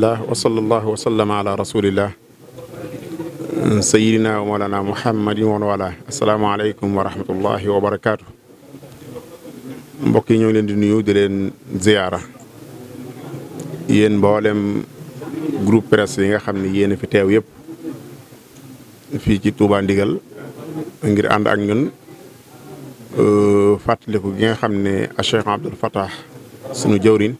alhamdulilah wa sallallahu wa sallama wa mawlana wa barakaatu mbokk yi ñoo leen di nuyu di leen ziyaara yéen mboolem groupe presse yi nga xam ne yéen a fi teew yëpp fii ci Touba Ndigal ngir ànd ak ñun euh, fàttaliku gi nga xam ne Cheikh Abdoul Fattah sunu jëwrin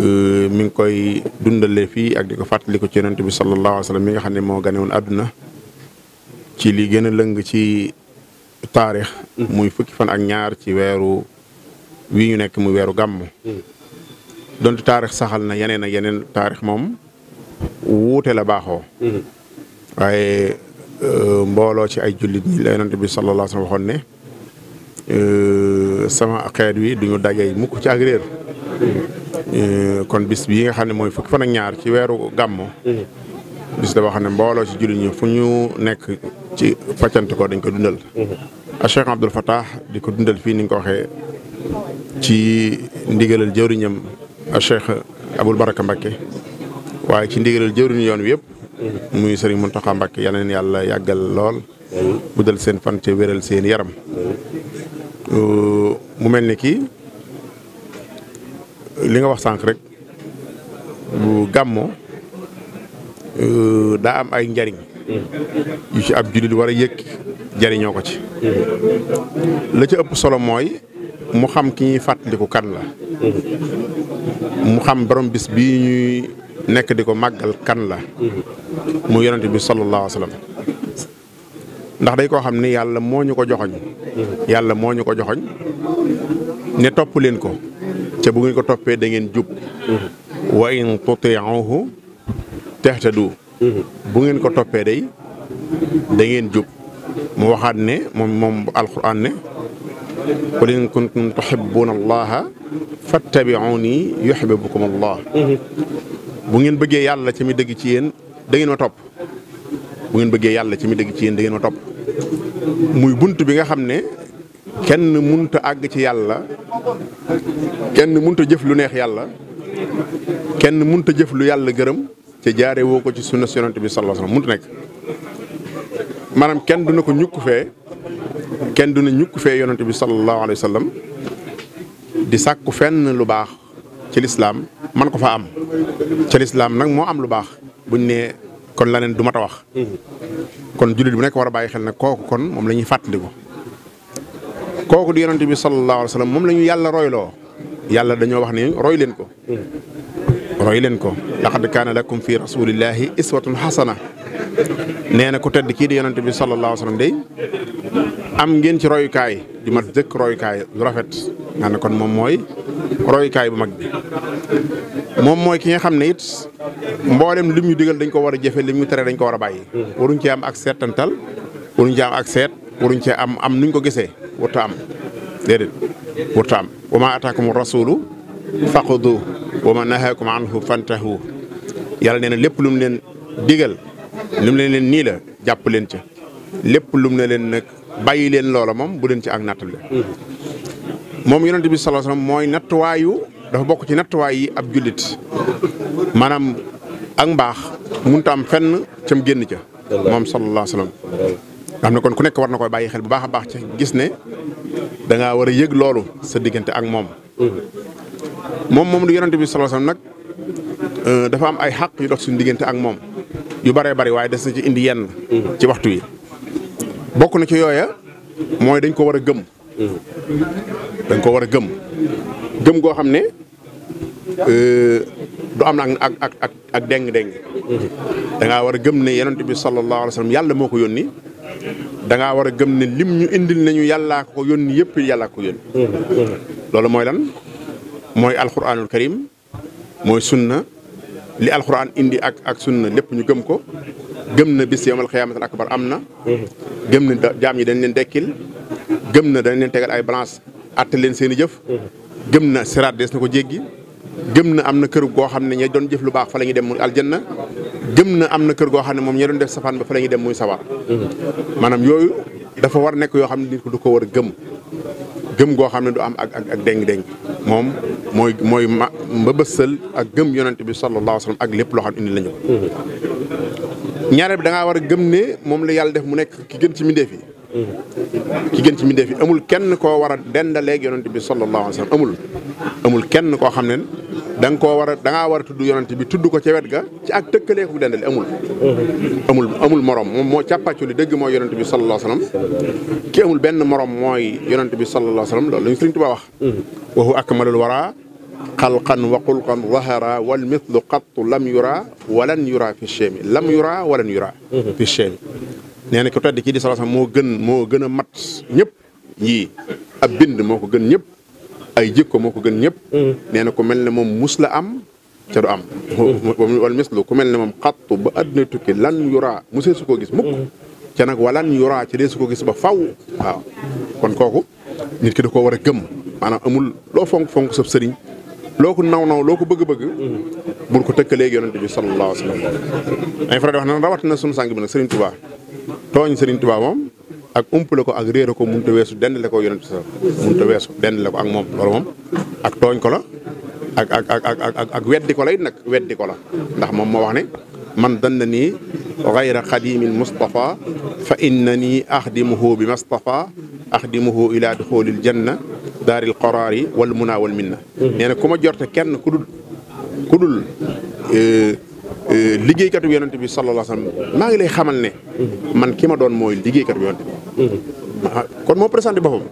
Euh, mi ngi koy dundalee fii ak di ko fàttali ko ci yonent bi sallallahu alayhi wa sallam mi nga xam ne moo gane woon àdduna ci li gën a lëng ci taarix muy fukki fan ak ñaar ci weeru wii ñu nekk muy weeru gàmm donte taarix saxal na yeneen ak yeneen taarix moom wuute la baaxoo waaye euh, mbooloo ci ay jullit ñi la yonent bi sallallahu alayhi wa sallam waxoon ne euh, sama xeet wi duñu dajey mukk ci ak Euh, kon bis bii nga xam ne mooy fukki fan ak ñaar ci weeru gàmmu bis la boo xam ne mbooloo ci jullit ñi fu ñu nekk ci faccant ko dañ ko dundal a Cheikh Abdoul Fattah di ko dundal fii ni nga ko waxee ci ndigalal jëwriñam a Cheikh Aboul Baraka Mbacké waaye ci ndigalal jëwriñu yoon wi yëpp muy Serigne Mountakha Mbacké yal na leen yàlla yàggal lool guddal seen fan ci wéral seen yaram euh, mu mel ni kii li nga wax sànq rek bu gàmmoo euh, daa am ay njariñ yu ci ab jullit war a yëg jariñoo ko ci la ci ëpp solo mooy mu xam ki ñuy fàttaliku kan la mu xam borom bis bii ñuy nekk di ko màggal kan la mu yonente bi sallallahu alayhi wa sallam ndax day koo xam ne yàlla moo ñu ko joxoñ yàlla moo ñu ko joxoñ ne topp leen ko ca bu ngeen ko toppee da ngeen jub wa in tuti'uhu du bu ngeen ko toppee day da ngeen jub mu waxaat ne moom moom alquran ne qul in kuntum tuhibbuna allaha fattabi'uni yuhibbukum allah bu ngeen bëggee yàlla ci mi dëgg ci yéen da topp bu ngeen bëggee yàlla ci mi dégg ci yéen da ngeen ma topp muy bunt bi nga xam ne kenn munta àgg ci yàlla kenn munta jëf lu neex yàlla kenn munta jëf lu yàlla gërëm te jaare woo ko ci sunna yonent bi sallallahu alayhi wasallam munta nekk maanaam kenn du duna ko ñukk fee kenn du duna ñukk fee yonent bi sallallahu alayhi wasallam di sàkku fenn lu baax ci lislaam man ko fa am ci lislaam nag moo am lu baax buñ nee kon la neen du mat a wax mhm. kon jullit bu nekk war a bàyyi xel nag kooku kon moom la ñuy fàttaliku kooku di yonente bi sallallahu alayhi wa sallam moom la ñu yàlla royloo yàlla dañoo wax ne roy leen ko roy leen ko laqad kaana lakum fi rasulillahi iswatun xasana nee na ku tedd kii di yonente bi sallallahu alayhi wa sallam day am ngeen ci royukaay ju mat dëkk royukaay lu rafet nga ne kon moom mooy royukaay bu mag bi moom mooy ki nga xam ne it mboolem lim ñu digal dañ ko war a jëfe lim ñu tere dañ ko war a bàyyi waruñ ci am ak seetantal waruñ ci am ak seet waruñ cee am am nuñ ko gisee warta am déedéet warta am wa ma ataakum rasulu faqudu wa ma nahaakum anhu fantahu yàlla nee na lépp lum leen digal lu leen leen nii jàpp leen ca lépp lum ne leen nag bàyyi leen loola moom bu leen ci ak nattable moom yonent bi sallallahu alayhi mooy nattuwaayu dafa bokk ci nattuwaay yi ab jullit maanaam ak mbaax munta am fenn cam génn ca moom sallallahu alayhi nga xam ne kon ku nekk war na koy bàyyi xel bu baax a baax ci gis ne da ngaa war a yëg loolu sa diggante ak moom. moom moom du yonent bi sallallahu alayhi wasallam nag euh, dafa am ay xàq yu dox suñu diggante ak moom yu bëree bëri waaye des na ci indi yenn. ci waxtu yi bokk na ci yooya mooy dañ ko war a gëm. dañ ko war a gëm gëm goo xam ne euh, du am na ak ak ak ak deng deng da ngaa war a gëm ne yonent bi sallallahu alayhi wasallam yàlla moo ko yónni. da war a gëm ne lim ñu indi nañu yàllaa ko yónni yëpp yàllaa ko yónni. Mm, mm. loolu mooy lan mooy alxuraanul karim mooy sunna li alxuraan indi ak ak na lépp ñu gëm ko gëm na bis yawmal xiyaamatul akbar am na. Mm. gëm na jaam ñi dañ leen dekkil gëm na dañ leen tegal ay balance atte leen seeni i jëf. gëm na siraat des na ko jéggi. gëm na am na kër goo xam ne ña doon jëf lu baax fa la ñuy dem mu na gëm na am na kër goo xam ne moom ñoo doon def safaan ba fa la dem muy sawar maanaam yooyu dafa war nekk yoo xam ne nit ko du ko war a gëm gëm goo xam ne du am ak ak ak déng-déng moom mooy mooy ma mbëbësal ak gëm yonent bi sallallahu alayhi wa sallam ak lépp loo xam indi lañu ko mhm. ñaareel bi da war a gëm ne moom la yàlla def mu nekk ki gën ci mbindeef yi ki gën ci mbindeef yi amul kenn koo war a dendaleeg yonent bi sallallahu alayhi wa sallam amul amul kenn koo xam ne danga nga war a da war a tudd yonent bi tudd ko ca wet ga ci ak tëkkalee dendale amul amul amul morom moom moo càppaaccu dëgg mooy yonent bi sallallahu alayhi wa sallam ki amul benn moroom mooy yonent bi sallallahu alayhi wa loolu la ñu Sëriñ Tuubaa wax waxu akmalul wara xalqan wa xulqan zahara wal mithlu qattu lam yura walan yura fi chemi lam yura walan nee na ku tedd kii di sallallahu moo gën moo gën a mat ñëpp yii ab bind moo ko gën ñëpp ay jikko moo ko gën ñëpp mm. nee na ku mel ne moom mus la am ca du am mm. wal mislu ku mel ne moom xattu ba àdduna tukki lan yuraa musee su ko gis mukk mm. ca nag walan yuraa ca dee su ko gis ba faw waaw kon kooku nit ki da ko war a gëm maanaam amul loo fonk fonk sab sëriñ loo ko naw naw loo ko bëgg-bëgg bul ko tëkk léegi yonente bi sallallahu alayhi wa sallam ay faral di wax naan rawatina sunu sàng bi nag Serigne Touba tooñ Serigne Touba moom ak umpale ko ak réere ko mënut a weesu dend le ko yonente bi sa mënut a weesu dend le ko ak moom loolu moom ak tooñ ko la ak ak ak ak ak ak weddi ko la it nag weddi ko la ndax moom moo wax ne man danna nii gayra xadimin mustafa fa inna nii axdimuhu bi mustafa axdimuhu ila duxulil janna daaril qoraar yi wala munaa wal minna nee na ku ma jorte kenn ku dul ku dul euh, euh, liggéeykatu yonent bi sallallahu alayhi wa maa ngi lay xamal ne man ki ma doon mooy liggéeykatu yonent bi mm-hmm. kon moo présenté boppam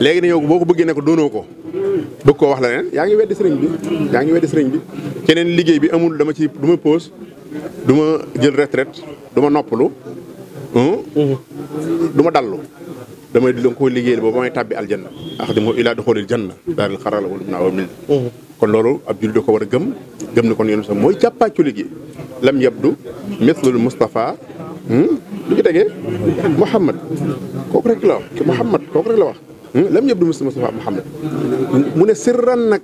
léegi ne yow boo ko bëggee ne ko doonoo ko bëgg koo wax la neen yaa ngi weddi sëriñ bi yaa ngi weddi sëriñ bi keneen liggéey bi amul dama ci duma ma duma du ma jël retraite du ma noppalu hmm? mm-hmm. dallu damay dina ko liggéeyal ba may tàbbi aljanna ax di moo ilaa doxoolil janna daal xarala wala mun naa wam kon loolu a jullit da ko war a gëm gëm ne kon yoonu sax mooy càppaaculi gi lam yabdu mithlul Moustapha hmm? lu ci tegee Mouhamad kooku rek la wax Mouhamad kooku rek la wax hmm? lam yabdu mithlul Moustapha Mouhamad mu ne sirran nag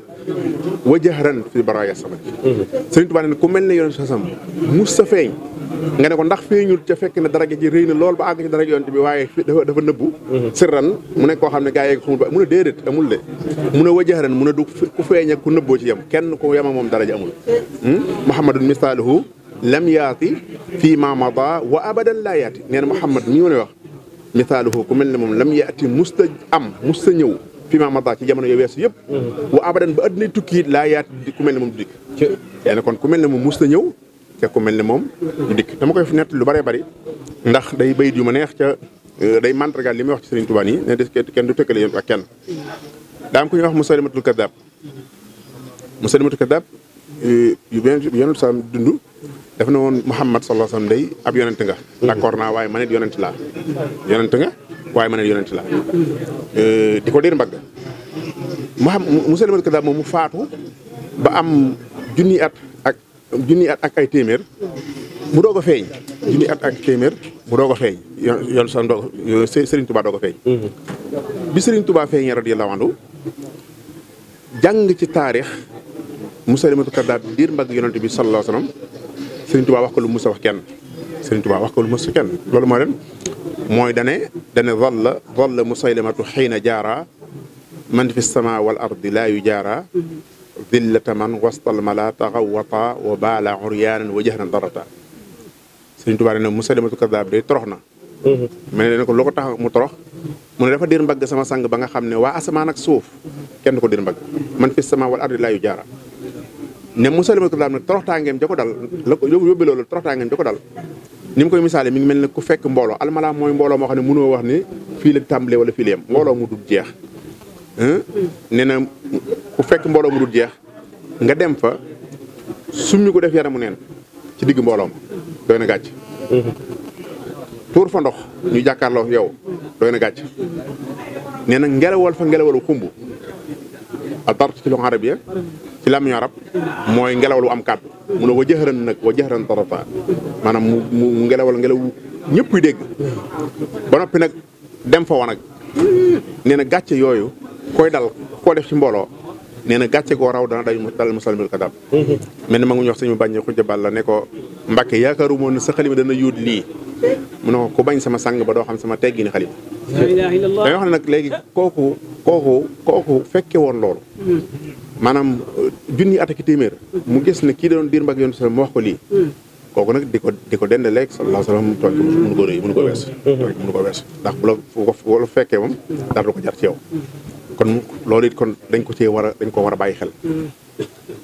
wa jahran fi baraaya samad sëriñ Tuubaa ne ku mel yoon sa sasam mus sa feeñ nga ne ko ndax feeñul ca fekk ne daraja ji rëy na lool ba àgg ci daraja yonent bi waaye dafa dafa nëbbu sirran mu ne koo xam ne gaa yi xamul ba mu ne déedéet amul de mu ne wa jahran mu ne du ku feeñ ak ku nëbboo ci yem kenn ku yem moom daraja amul hmm? muhammadun misaaluhu lam yaati fii ma mada wa abadan laa yaati nee na muhammad mi mu ne wax misaaluhu ku mel ne moom lam yaati musta am musta ñëw fii ma mata ci jamono yooyu weesu yëpp wa abadan ba addinay tukki it laa ku mel ne moom du dikk yaa kon ku mel mel ne moom dikk dama koy nett lu bëree bari ndax day bayit yu ma neex ca euh, day mantragal li muy wax ci Serigne Touba yi ne kenn du tëkkale yéen ak kenn daa am ku ñuy wax Musalimatul Kadab Musalimatul Kadab euh, yu benn yonent sam dund daf na woon Muhammad sallallahu alayhi wasallam day ab yonent nga d'accord na waaye man it yonent laa yonent nga waaye man yonent la euh, di ko diir mbagg mu xam monsieur mu faatu ba am junni at ak ay téeméer mu doog a feeñ junni at ak téeméer mu doog a feeñ yoon sa ndo euh, Serigne Touba mhm. jàng ci taarix monsieur le maire daal diir mbagg bi sallallahu alayhi wa ko lu Moussa wax kenn Sëriñ Tuubaa wax ko lu mos kenn loolu moo leen mooy dane dane dhalla dhalla musaylamatu xiina jaara man fi sama wal ardi laa yu jaara dillata man wastal mala taxawata wa baala uryaanan wa jahran darata Sëriñ Tuubaa ne musaylamatu kadaab day torox na mais mm-hmm. ne ko loo ko tax mu torox mu ne dafa dir mbagg sama sang ba nga xam ne waa asamaan ak suuf kenn du ko dir mbagg man fi sama wal ardi yu jaara ne musalimatul am ne toroxtaangeem ja ko dal la ko yóbbu loolu toroxtaangeem ja ko dal ni mu koy misaale mi ngi mel ne ku fekk mbooloo almala mooy mbooloo moo xam ne mënoo wax ni fii la tàmbalee wala fii la yem mbooloo mu dul jeex nee na ku fekk mbooloo mu dul jeex nga dem fa summi ko def mu neen ci digg mbooloom doy na gàcc tuur fa ndox ñu jàkkaarloo yow doy na gàcc nee na ngelawal fa ngelawal xumb a tart ci loxo arab ya ci làmmiñu arab mooy ngelaw lu am kàddu mu ne wa jëxëran nag wa jëxëran tarata maanaam mu mu ngelawal ngelaw ñëpp yu dégg ba noppi nag dem fa woon ak nee na gàcce yooyu koy dal koo def ci mbooloo nee na gàcce goo raw dana day dal musalmil kadab mm-hmm. mel ni ma ngi wax suñu bàññee xuja balla ne ko mbàkke yaakaaru moon ne sa xalima dana yuut lii mu ne ko ku bañ sama sang ba doo xam sama teggini xalima dañoo nag léegi kooku kooku kooku fekke woon loolu mm-hmm. maanaam junni at ak téeméer mu gis ne kii doon diir mbag yoon mu wax ko lii mm-hmm. kooku nag di ko di ko dend leeg sallallahu alayhi wa sallam tooñ ko mënu ko rëy mënu ko wees tooñ ko ko wees ndax bu la ko fekkee moom dara du ko jar ci yow kon loolu it kon dañ ko cee war a dañ ko war a bàyyi xel mm.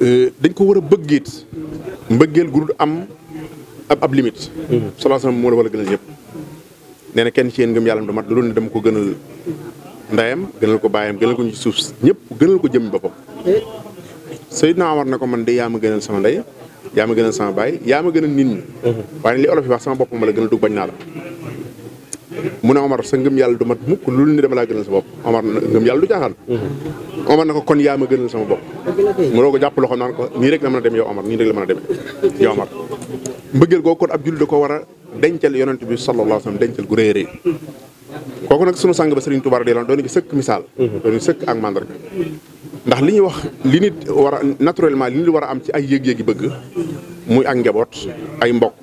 euh, dañ ko war a bëgg it mbëggeel gu am ab ab limite mm. salaa salaam moo la war a gënal ñëpp nee kenn ci yéen ngëm yàlla du mat loolu ne dama ko gënal ndeyam gënal ko bàyyam gënal ko ñu suuf ñëpp gënal ko jëm boppam Seydina Omar na ko man de yaa ma gënal sama ndey yaa ma gënal sama baay yaa ma gënal nit ñi mm-hmm. waaye li olof yi wax sama boppam la gënal dug bañ naa la mu ne Omar sa ngëm yàlla du mat mukk lu ni dama laa gënal sa bopp Omar ngëm yàlla du caaxaan Omar na ko kon yaa ma gënal sama bopp mu roo ko jàpp loxo naan ko nii rek la mën a dem yow Omar nii rek la a demee yow mbëggeel googu kon ab jullit ko war a dencal yonent bi sallallahu alayhi wa sallam dencal gu réy réy kooku nag sunu sàng ba Serigne Touba radiyallahu anhu doon ci sëkk misaal doon ci sëkk ak mandarga ndax li ñu wax li nit war a naturellement li nit war a am ci ay yëg-yëgi bëgg muy ak njaboot ay mbokk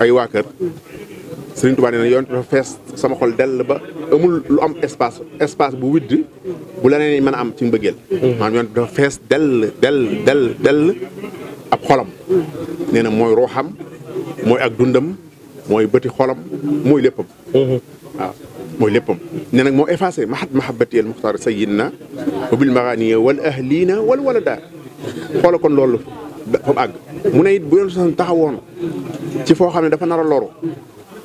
ay waa kër Sëriñ Tuubaa nee na yoon dafa fees sama xol dell ba amul lu am espace espace bu widd bu yi mën a am ci mbëggeel maanaam yoon dell dell dell dell ab xolam nee na mooy ruuxam mooy ak dundam mooy bëti xolam mooy léppam waaw mooy léppam ne nag moo effacé mahat mahabati al muxtaar sayyidina wa bil maxaaniya wal ahliina wal walada xoola kon loolu fa mu àgg mu ne it bu yoon taxawoon ci foo xam ne dafa nar a loru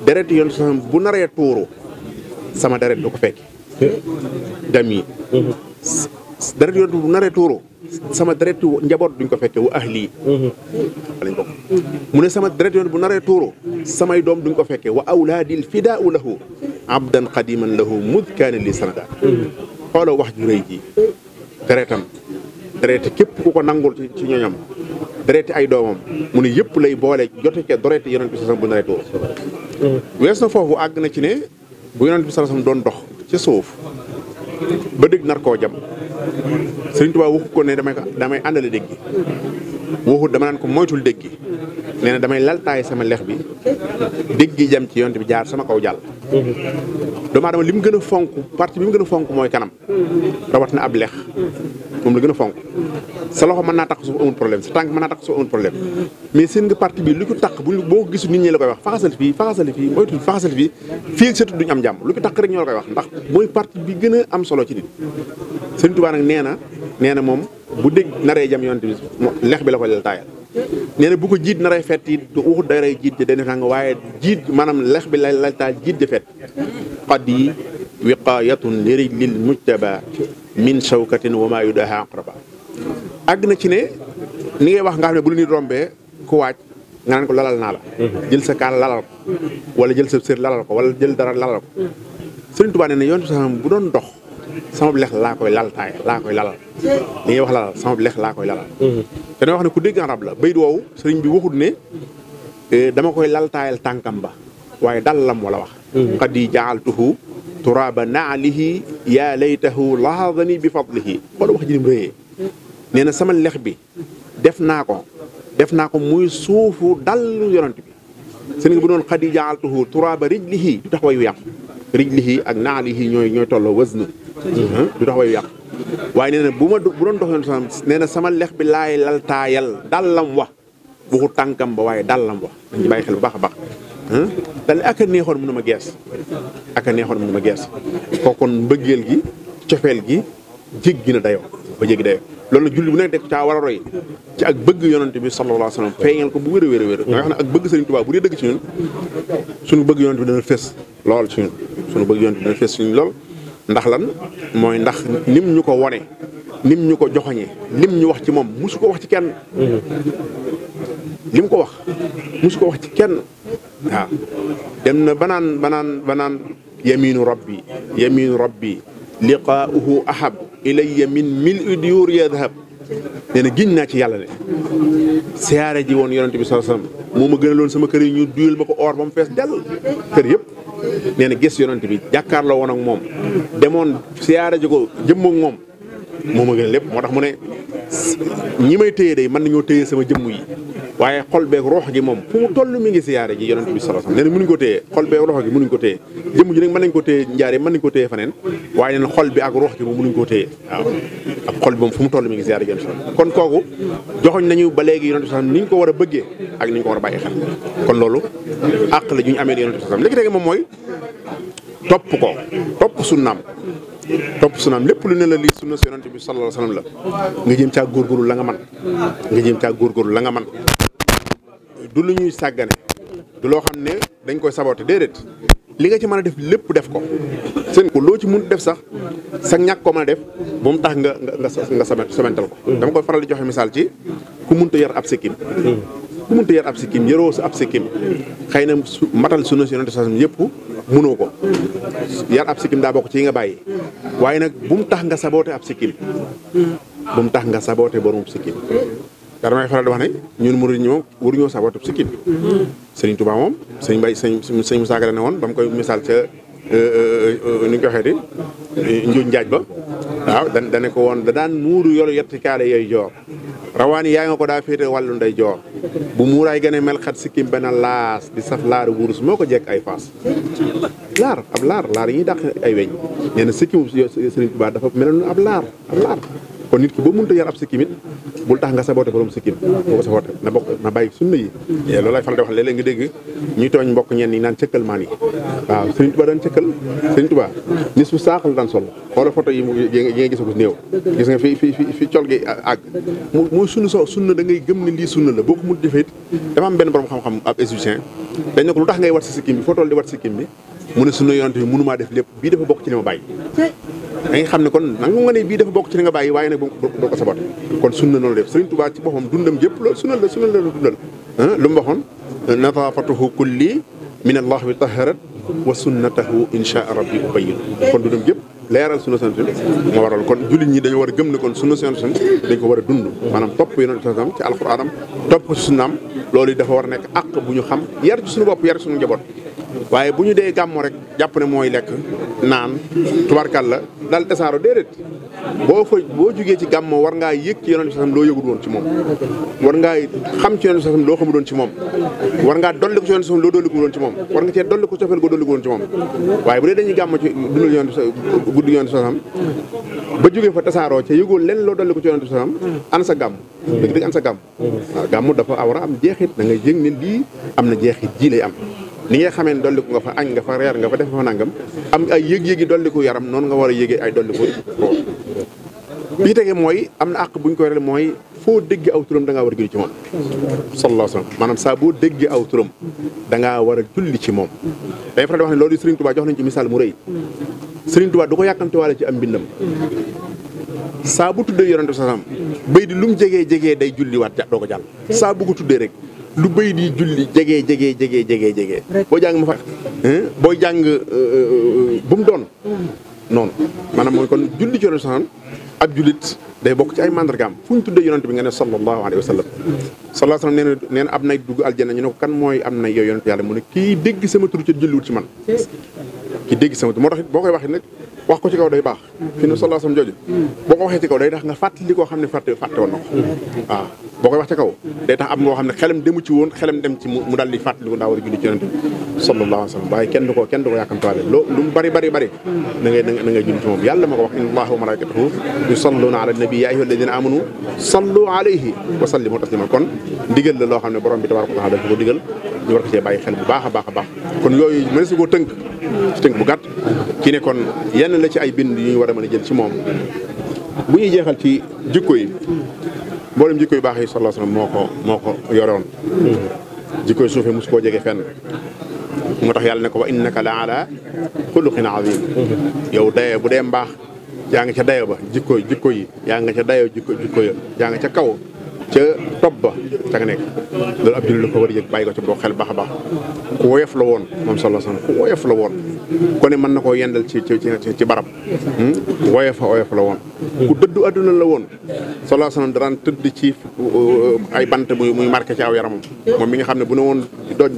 deret yoon saam bu naree tuuru sama deret du ko fekki dam deret yoon bu naree tuuru sama deret njaboot duñ ko fekke wu ahli lañ bokk mu ne sama deret yoon bu naree tuuru samay doom duñ ko fekke wa awlaadil fidaau lahu abdan qadiman lahu mudkaani li sanada xooloo wax ju rëy ji deretam deret képp ku ko nangul ci ñoñam dereeti ay doomam mu ne yëpp lay boole jote ca doreeti yonent bi sallallahu bu naree tuur wees na foofu àgg na ci ne bu yonent bi sallallahu alayhi doon dox ca suuf ba dégg nar koo jam Sëriñ Tuubaa waxu ko ne damay damay àndale dégg waxut dama naan ko moytul dégg nee na damay laltaay sama lex bi dégg yi jëm ci yonte bi jaar sama kaw jàll. doomu aadama li mu gën a fonk partie bi mu gën a fonk mooy kanam. rawat na ab lex. moom la gën a fonk. sa loxo naa takk suuf amul problème sa tànk mën naa takk suuf amul problème mais seen nga partie bi lu ko takk buñ boo ko gisul nit ñi la koy wax faxasal fii faxasal fii moytu faxasal fii fii ak surtout am jàmm lu ko takk rek ñoo la koy wax ndax mooy parti bi gën a am solo ci nit. Sëriñ Tuubaa nag nee na nee na moom bu dégg naree jam yonte bi lex bi la ko laltaayal nee na bu ko jiit naray fett it du uxut day rey jiit ji day def waaye jiit maanaam lex bi lay lay taal jiit di fett xad yi wiqaayatun li rijlil mujtaba min shawkatin wa maa yudaha aqraba àgg na ci ne ni ngay wax nga xam ne bu lu nit rombee ku waaj nga naan ko lalal naa la jël sa kaan lalal ko wala jël sa sër lalal ko wala jël dara lalal ko Sëriñ Tuubaa nee na yoon bi bu doon dox sama lex laa koy laltaay laa koy lalal li wax laa sama lex laa koy lalal mhm. te dama wax ne ku dégg arab la bayit woowu sëriñ bi waxut ne eh, dama koy laltaayal tànkam ba waaye dallam wala wax mhm. qad yi jaaltuhu turaaba naalihi yaa laytahu lahadani bi fadlihi wala wax ji nim rëyee nee na sama lex bi def naa ko def naa ko muy suufu dallu yonent bi sëriñ bu doon qad yi jaaltuhu turaaba rijlihi du tax wayu yàqu rijlihi ak naalihi ñooy ñooy tolloo wasnu mhm. hm? du tax wayu yàqu waaye nee bu ma bu doon dox yoonu nee na sama lex bi laay lal taayal dàllam wa waxu tànkam ba waaye dàllam wax dañ ci bàyyi xel bu baax a baax dal ak a neexoon mënu ma gees a neexoon mënu ma gees kookoon mbëggeel gi cofeel gi jéggi na dayoo ba jéggi dayoo loolu julli bu nekk dek caa war a roy ci ak bëgg yonante bi sallallahu alayhi wa sallam feeñal ko bu wér a wér a wér nga xam ne ak bëgg Sëriñ Tuubaa bu dee dëgg ci ñun suñu bëgg yonante bi dana fës lool ci ñun suñu bëgg yonante bi dana fës ci lool ndax lan mooy ndax nim ñu ko wone nim ñu ko joxoñee lim ñu wax ci moom musu ko wax ci kenn lim ko wax su ko wax ci kenn waaw dem na banaan banaan banaan yaminu rabbi yaminu rabbi liqaa'uhu ahab ilayya min mil diyuur yadhab nee na giñ naa ci yàlla ne siyaare ji woon yonente bi sallallahu alayhi moo ma gën a loon sama kër yi ñu duyal ma ko or ba mu fees dell kër yëpp nee na gis yonent bi jàkkaarloo woon ak moom demoon siyaare ji ko jëmm ak moom moom a gën lépp moo tax mu ne ñi may téye day mën nañoo téye sama jëmm yi waaye xol beeg roox gi moom fu mu toll mi ngi siyaare ji yonent bi sallallahu alayhi wasallam nee na mënuñ ko téye xol beeg roox gi mënuñ ko téye jëmm ji nag mën nañ ko téye njaare man nañ ko téye faneen waaye neen xol bi ak roox gi moom mënuñ koo téye waaw ak xol fu mu toll mi ngi siyaare ji yonent kon kooku joxoñ nañu ba léegi yonent bi sallallahu alayhi ni ñu ko war a bëggee ak ni ko war a bàyyi xel kon loolu àq la ju ñu amee yonent bi sallallahu alayhi wasallam moom mooy topp ko topp sunnaam topp sunaam lépp lu ne la lii sunna si yonante bi sallallahu alayhi wasallam la nga jëm caa góorgóorlu la nga man nga jëm caa góorgóorlu la nga man du lu ñuy sàggane du loo xam ne dañ koy saboote déedéet li nga ci mën a def lépp def ko seen ko loo ci mun def sax sa ñàkk ko mën a def ba mu tax nga nga nga semental ko dama koy faral di joxe misaal ci ku munta yar ab sikkim ku munta yar ab sikkim yaroo sa ab sikkim xëy na matal sunna si yonante sallallahu alayhi wasallam munoo ko yar ab sikkim daa bokk ci yi nga bàyyi waaye nag bu mu tax nga saboote ab sikkim bu mu tax nga saboote borom sikkim daa damay faral di wax ne ñun murid ñi moom waruñoo saboote ab sikkim Sëriñ Tuubaa moom sëñ Mbay sëñ sëñ Musaa Ka ne woon ba mu koy misaal ca Euh, euh, euh, nu ñu ko waxee di njuñ njaaj ba waaw da dane ko woon da daan muuru yor yetti kaale yooyu joor rawaani yaa nga ko daa féete wàllu ndey joor bu muuraay gën a mel xat sikkim benn laas di saf laaru wurus moo ko jekk ay faas laar ab laar laar yi ñuy dàq ay weñ nee na sikkim Sëriñ Tuubaa dafa meloon ab laar ab laar kon nit ki boo mënut a yar ab sikkim it bul tax nga saboote borom sikkim boo ko saboote na bokk na bàyyi sunna yi loolu lay faral di wax léeg nga dégg ñuy tooñ mbokk ñenn ñi naan cëkkal maan yi waaw sëriñ Tuubaa daan cëkkal sëriñ Tuubaa nis bu saaxal daan sol xoola photo yi yi nga gis ko néew gis nga fi fi fi col gi àgg mooy sunna so sunna da ngay gëm ne lii sunna la boo ko mënut defee it dafa benn borom xam-xam ab égyptien dañ ne ko lu tax ngay wat si sikkim bi foo toll di wat sikkim bi mu ne sunu yonent bi mënumaa def lépp bii dafa bokk ci li ma bàyyi hmm. da nga xam ne kon nangu nga ne bii dafa bokk ci li nga bàyyi waaye nag doo ko saboté kon sunna noonu def Sëriñ Tuubaa ci boppam dundam yëpp loolu sunna la sunna la dundal hmm? lu mu waxoon nadaafatuhu kulli min allah bi taharat wa sunnatahu insha rabbi ubayyin kon dundam yëpp leeral sunu sant moo waral kon jullit ñi dañoo war a gëm ne kon sunu sant dañ ko war a dund maanaam topp yonent sasam ci alxuraanam topp sunnaam loolu yi dafa war a nekk àq bu ñu xam yar ci sunu bopp yar ci sunu njaboot waaye bu ñu dee gàmmu rek jàpp ne mooy lekk naan tubarkal la daal tasaaro déedéet boo fa boo jógee ci gàmmu war ngaa yëg ci yonent loo yëgul woon ci moom war ngaa xam ci yonent loo xamul woon ci moom war ngaa dolli ko ci yonent loo dolli ko ci moom war nga cee dolli ko cofeel go dolli ko woon ci moom waaye bu dee dañuy gàmm ci dundal yonent bi ba jógee fa tasaaroo ca yëgul len loo dolli ko ci yonent bi sasam an sa gàmm dëgg dëgg an sa gàmm waaw gàmm dafa awar a am jeexit da ngay yëg ne lii am na jeexit ji lay am ni nga xamee ne dolliku nga fa añ nga fa reer nga fa def fa nangam am ay yëg-yëgi dolliku yaram noonu nga war a yëgee ay ko koor bi tege mooy am na àq bu ñu ko rel mooy foo dégg aw turam danga war a julli ci moom sallallahu alayhi wasallam maanaam saa boo dégg aw turam da ngaa war a ci moom day faral di wax ne loolu jox nañu ci misaal mu rëy Serigne Touba du ko yàkkamtewaale ci am mbindam saa bu tuddee yonente sasam bay di lu jegee jegee day julli waat doo ko jàll saa bu ko tuddee rek lu bëy di julli jege jege jege jege jege. boo jàng ma fa booy jàng euh, euh, bu mu doon. noonu maanaam mooy kon julli ci Yonent ab jullit day bokk ci ay mandargaam fu ñu tuddee Yonent bi nga ne sallallahu alayhi wa sallam. sallallahu alayhi wa sallam nee na na ab nay dugg aljanna ñu kan mooy am na yooyu Yonent yàlla mu ne kii dégg sama tur ci julliwut ci man. kii dégg sama tur moo tax boo koy waxee nag wax ko ci kaw day baax. fi ne sallallahu alayhi wa jooju. boo ko waxee ci kaw day tax nga fàttali koo xam ne fàtte fàtte woon na ko boo koy wax ca kaw day tax am ngoo xam ne xelam demu ci woon xelam dem ci mu daal di fàttaliku daa war a julli ci yonent bi sallallahu wa sallam waaye kenn du ko kenn du ko yàkkamtuwaale loo lu mu bari bari bari na ngay na ngay julli ci moom yàlla ma ko wax inna allaha wa malaikatahu yusalluna ala nabi ya ayyuha alladina amanu sallu alayhi wa sallimu taslima kon ndigal la loo xam ne boroom bi tabaraka wa taala dafa ko digal ñu war ko cee bàyyi xel bu baax a baax a baax kon yooyu mën si koo tënk ci tënk bu gàtt ci la ci ay bind yu ñu war a mën a jël ci moom bu ñuy jeexal ci jikko yi mboolem jikko yu baax yi sallallahu alayhi wasallam moo ko moo ko yoroon jikko yu suufe mosu koo jege fenn moo tax yàlla ne ko wa innaka la ala xuluqin azim yow daye bu dee mbaax yaa nga ca dayo ba jikko jikko yi yaa nga ca dayo jikko jikko ya yaa nga ca kaw ca topp ba ca nga nekk loolu ab jullit ko war a yëg bàyyi ko ci boo xel baax a baax ku woyof la woon moom sallallahu alayhi wasallam ku woyof la woon ku ne mën na ko yendal ci ci ci barab hmm? woyof a woyof la woon ku dëddu adduna la woon sallallahu alayhi wasallam daraan tëdd ci uh, ay bant muy muy marqué ci aw yaramam moom mi nga xam ne bu ne woon doj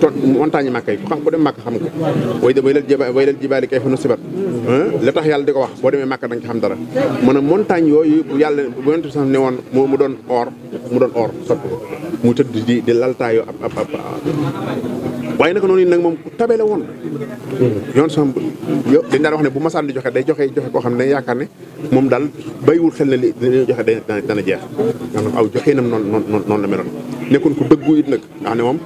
toog montagne màkk yi ku xam ku dem màkk xam nga way way lal jiba way lal jibaali kay fa nu sibat la tax yàlla di ko wax boo demee màkk da xam dara mu ne montagne yooyu yàlla bu yonent sax ne woon moo mu doon oor mu doon or sotti mu tëdd di di laltaayoo ab ab ab waaye naka noonu nag moom ku tabe woon yoon sam yo dañ daan wax ne bu masaan di joxe day joxe joxe koo xam ne yaakaar ne moom daal bay bàyyiwul xel ne li joxe dana jeex aw joxee nam noonu noonu la meloon nekkoon ku dëggu it nag ndax ne moom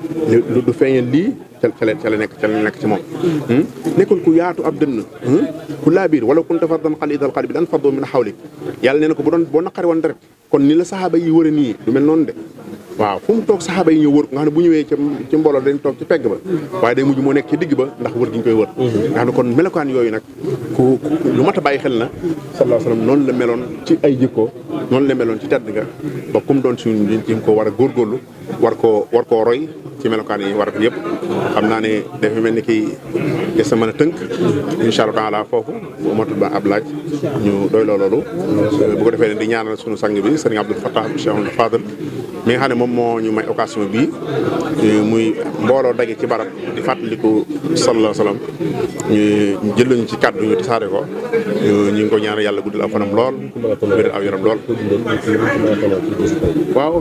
lu du feeñal lii ca ca la nekk ca la nekk ci moom hmm? nekkoon ku yaatu ab dënn hmm? ku laabiir wala kunta fardan xaliidal qalbi lan faddu min xawlik yàlla nee na ko bu doon boo naqari woon deret kon ni la saxaaba a nii du mel noonu de waaw fu mu toog saxaaba yi ñu ko ne bu ñëwee ca ci mbooloo dañ toog ci pegg ba waaye day mujj moo nekk digg ba ndax wër gi ñu koy wër mhm. nga xam ne kon melokaan yooyu nag ku lu mat a bàyyi xel na sallallahu alayhi noonu la meloon ci ay jikko noonu la meloon ci tedd nga ba kum doon suñu liñ ci ko war a góorgóorlu war koo war koo roy ci melokaan yi war yëpp xam naa ne dafa mel ni kii des na mën a tënk incha allah taala foofu bu matul ba ab laaj ñu doy loolu bu ko defee ne di ñaanal sunu sang bi sëriñ Abdoul Fattah Cheikh Fadel mi nga xam ne moom moo ñu may occasion bii e, muy mbooloo daje ci barab di fàttaliku sallallahu alayhi wasallam ñu jël lañu ci kàddu ñu tasaare ko ñu ngi ko ñaanal yàlla guddal aw fanam lool wéral aw yaram lool waaw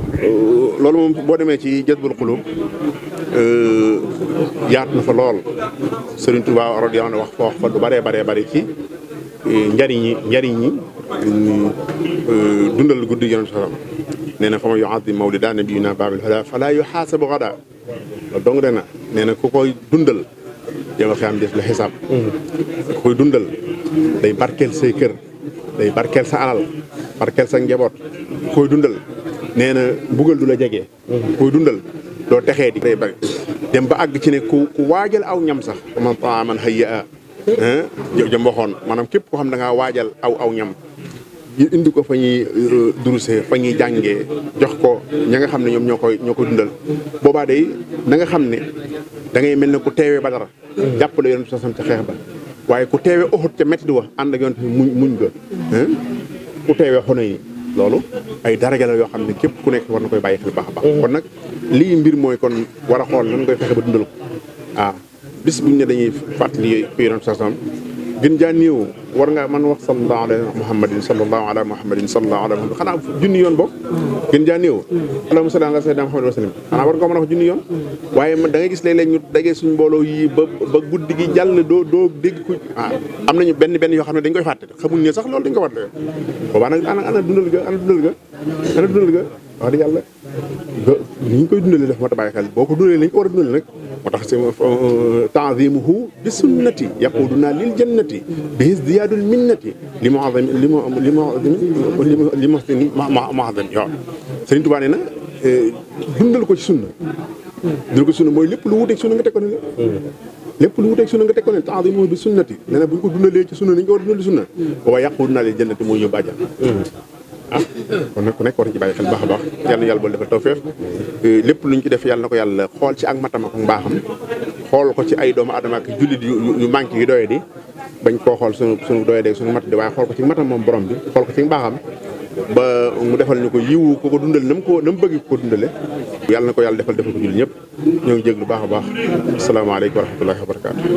loolu moom boo demee ci jazbul xulub e, yaatu na fa lool Serigne Touba radiyallahu anhu wax fa wax fa du bëree baree bëri ci njariñi e, njariñ ñi Euh, dundal guddi yonent salaam nee na fa ma yuazim mawlida nabiyina babil huda fala yuhasabu gada loolu dong de na nee na ku koy dundal yow xam def la xisaab koy dundal day barkeel say kër day barkeel sa alal barkeel sa njaboot ku koy dundal nee na mbugal du la jege. koy dundal doo texee di day bari ba àgg ci ne ku waajal aw ñam sax man taaman hayya ah, jëm waxoon képp koo xam da ngaa waajal aw aw ñam ñu indi ko fa ñuy euh, durusee fa ñuy jàngee jox ko ña nga xam ne ñoom ñoo koy ñoo ko dundal boobaa de na nga xam ne da ngay mel ne ku teewee ba dara jàppale yonent sa sam ca xeex ba waaye ku teewee oxut ca métti di wax ànd ak yonent bi muñ muñ nga ku teewee xone yi loolu ay daraja la yoo xam ne képp ku nekk war na koy bàyyi xel baax a baax kon nag lii mbir mooy kon war a xool nan koy fexe ba dundal ko ah bis buñ ne dañuy fàttali ko yonent sa sam gën jaa néew war ngaa mën wax sallallahu ala muhammadin sallallahu ala muhammadin sallallahu ala muhammadin xanaa junni yoon bokk gën jaa néew allahumma salli ala sayyidina muhammad wa sallim xanaa war nga mën a wax junni yoon waaye da nga gis léeg-léeg ñu dagee suñ mbooloo yi ba ba guddi gi jàll doo doo dégg ku ah am nañu benn benn yoo xam ne dañ koy fàtte xamuñ ne sax loolu dañ ko fàtte boobaa nag ana ana dundal ga ana dundal ga ana dundal ga wax dëgg yàlla ni ñu koy dundalee daf moo tax bàyyi xel boo ko dundalee nañ ko war a dundal nag moo tax si tanzimuhu bi sunnati yaquduna lil jannati bi isdiyadul minnati li muazami li mu li mu li mu li muazami yow Sëriñ Tuubaa nee na dundal ko ci sunna dundal ko ci sunna mooy lépp lu wuteeg sunna nga teg ko ne la lépp lu wuteeg sunna nga teg ko ne la tanzimuhu bi sunnati ko dundalee ci sunna ni ñu ko war a dundal sunna wa yaquduna lil jannati mooy yóbbu àjjana ah kon nag ku nekk war na ci bàyyi xel baax a baax yàlla na yàlla bool defal tawfeex eh, lépp lu ñu ci def yàlla na ko yàlla xool ci ak matam ak mbaaxam xool ko ci ay doomu adama ak jullit yu manqué yu doye di bañ koo xool sunu sunu doye dee sunu mat di waaye xool ko ci matam moom borom bi xool ko ci mbaaxam ba mu defal ñu ko yiwu ko ko dundal nam ko nam bëgg ko dundale yàlla na ko yàlla defal defal ko jullit ñëpp ñoo ngi jéglu baax a baax asalaamaaleykum wa rahmatullahi wa barakaatu